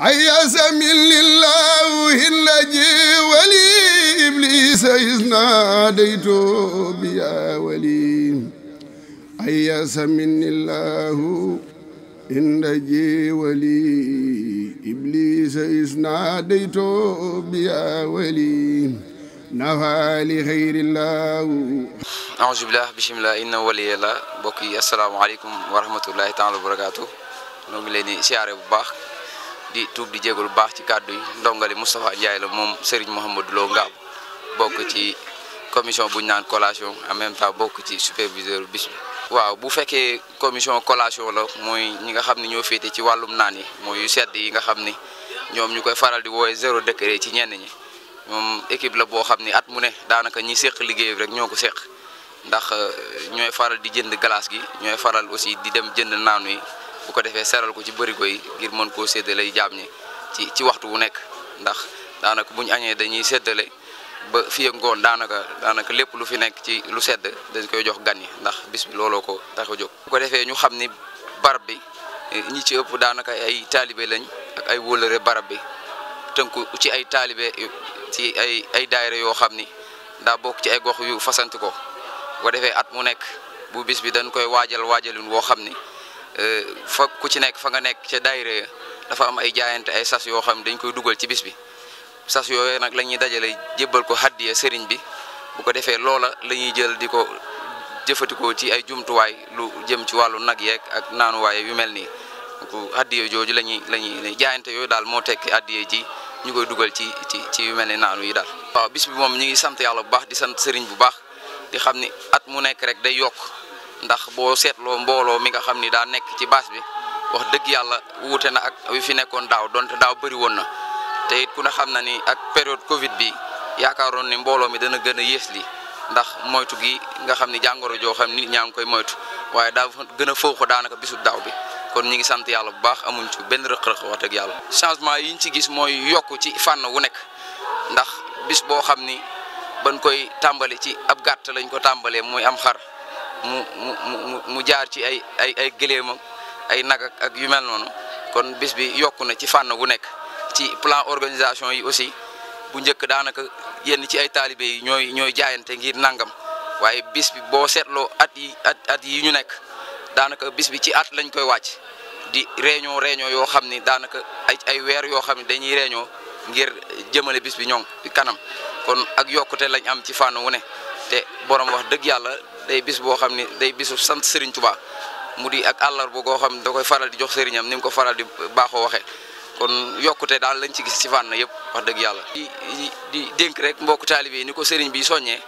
عيسى من لله الذي ولي إبليس إذ ناديت بيا ولي عيسى من الله إن رجي ولي إبليس إذ ناديت بيا ولي نفع لخير الله أعوذ بالله بسم الله إن ولي الله بكي السلام عليكم ورحمة الله تعالى وبركاته نوغي ليني سيارة بباخ di tuub di jégalu bu baax ci kàddu yi dongali Moustapha Ndiaye la moom Serigne Mouhamadou Lo bokk ci commission bu ñu naan collation en même temps bokk ci superviseur bis waaw bu fekkee commission collation la mooy ñi nga xam ne ñoo féete ci wàllum naan yi mooy yu sedd yi nga xam ni ñoom ñu koy faral di woowee zéro décret ci ñenn ñi moom équipe la boo xam ni at mu ne daanaka ñi séq liggéey rek ñoo ko séq ndax euh, ñooy faral di jënd glace gi ñooy faral aussi di dem jënd naanu yi. bu ko defee seral ko ci bërigo yi ngir mën koo séddale jaam ñi ci ci waxtu wu nekk ndax daanaka bu añee dañuy seddale ba fii ngoon daanaka daanaka lépp lu fi nekk ci lu sedd dañ koy jox gan ndax bis bi looloo ko tax a ko defee ñu xam ni barab bi ñi ci ëpp daanaka ay taalibe lañ ay wóolëre barab bi tënku ci ay taalibe ci ay ay daayira yoo xam ni daa bokk ci ay gox yu fasanti ko bu ko defee at mu nekk bu bis bi dañ koy waajal waajalin woo xam ni. Euh, fa ku ci nekk fa nga nekk ca daayira dafa am ay jaayante ay sas yoo xam dañ koy dugal ci bis bi sas yooyu nag la ñuy dajale jëbbal ko haddiya sëriñ bi bu ko defee loola la ñuy jël di ko jëfandikoo ci ay jumtuwaay lu jëm ci wàllu nag yeeg ak naanuwaay yu mel nii donc jooju la ñuy la ñuy jaayante yooyu daal moo tekki addiya ji ñu koy dugal ci ci ci yu mel ne naanu yi daal. waaw bis bi moom ñu ngi sant yàlla bu baax di sant sëriñ bu baax di xam ni at mu nekk rek day yokk. ndax boo seetloo mbooloo mi nga xam ni daa nekk ci baas bi wax dëgg yàlla wuute na ak wi fi nekkoon daaw donte daaw bëri woon na te it ku ne xam na ni ak période Covid bi yaakaaroon ni mbooloo mi dana gën a yées li ndax moytu gi nga xam ni jàngoro joo xam nit ñaa ngi koy moytu waaye daa gën a fooxu daanaka bisub daaw bi kon ñi ngi sant yàlla bu baax amuñ ci benn rëq-rëq wax dëgg yàlla. changement yi ñu ci gis mooy yokk ci fànn wu nekk ndax bis boo xam ni bañ koy tàmbali ci ab gàtt lañ ko tàmbalee muy am xar. mu mu mu mu jaar ci ay ay ay gëléemam ay nag ak yu mel noonu kon bis bi yokku na ci fànn bu nekk ci plan organisation yi aussi bu njëkk daanaka yenn ci ay taalibe yi ñooy ñooy jaayante ngir nangam waaye bis bi boo seetloo at yi at at yi ñu nekk daanaka bis bi ci at lañ koy wàcc di réunion réunion yoo xam ni daanaka ay weer yoo xam ni dañuy réunion ngir jëmale bis bi ñoŋ kanam kon ak yokkute lañ am ci fànn wu ne te borom wax dëgg yàlla. day bis boo xam ni day bisu sant Serigne Touba mu di ak àllar boo goo xam da koy faral di jox sëriñam ni mu ko faral di baaxoo waxee kon yokkute daal lañ ci gis ci fànn yëpp wax dëgg yàlla. di di dénk rek mbokk taalibe ni ko sëriñ bi soññee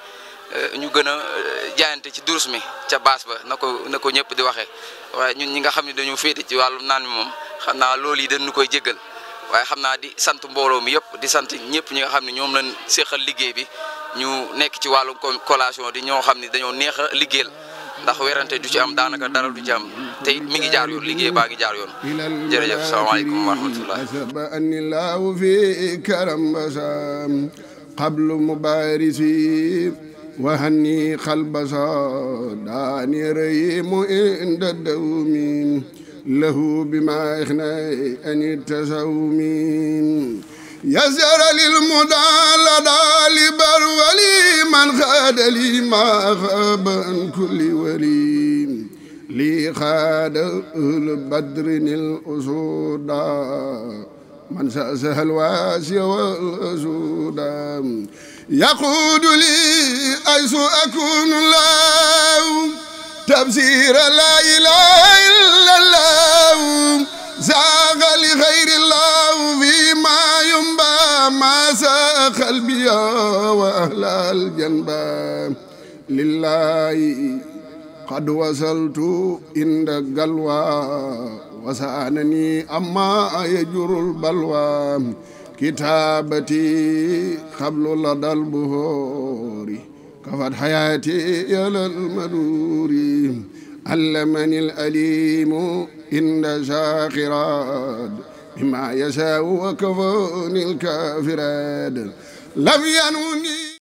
euh, ñu gën a euh, jaayante ci durus mi ca baas ba na ko na ko ñëpp di waxee waaye ñun ñi nga xam ne dañoo féete ci wàllum naan mi moom xam naa loolu yi dañu koy jéggal waaye xam naa di sant mbooloo mi yëpp di sant ñëpp ñi nga xam ne ñoom la séqal liggéey bi. ñu nekk ci wàllu collation di ñoo xam ni dañoo neex a liggéeyal ndax werante du ci am daanaka dara du ci am te it mi ngi jaar yoon liggéey baa ngi jaar yoon jërëjëf salaamaaleykum wa rahmatullah anillahu mubarisi wa hanni xalbasa daani rëyi mu inda dawmin lahu bima ixna an tasawmin يسر للمدى لدى لبر ولي من خاد لي ما خاب عن كل ولي لي خاد البدر الأسودا من سأسها الواسي والأسودا يقود لي أيس أكون الله تبصير لا إله إلا الله والجنبا لله قد وصلت عند قلوى وسأنني أما يجر البلوى كتابتي قبل لدى البهور كفت حياتي يا المدور علمني الأليم عند شاخراد بما يشاء وكفوني الكافراد لم ينوني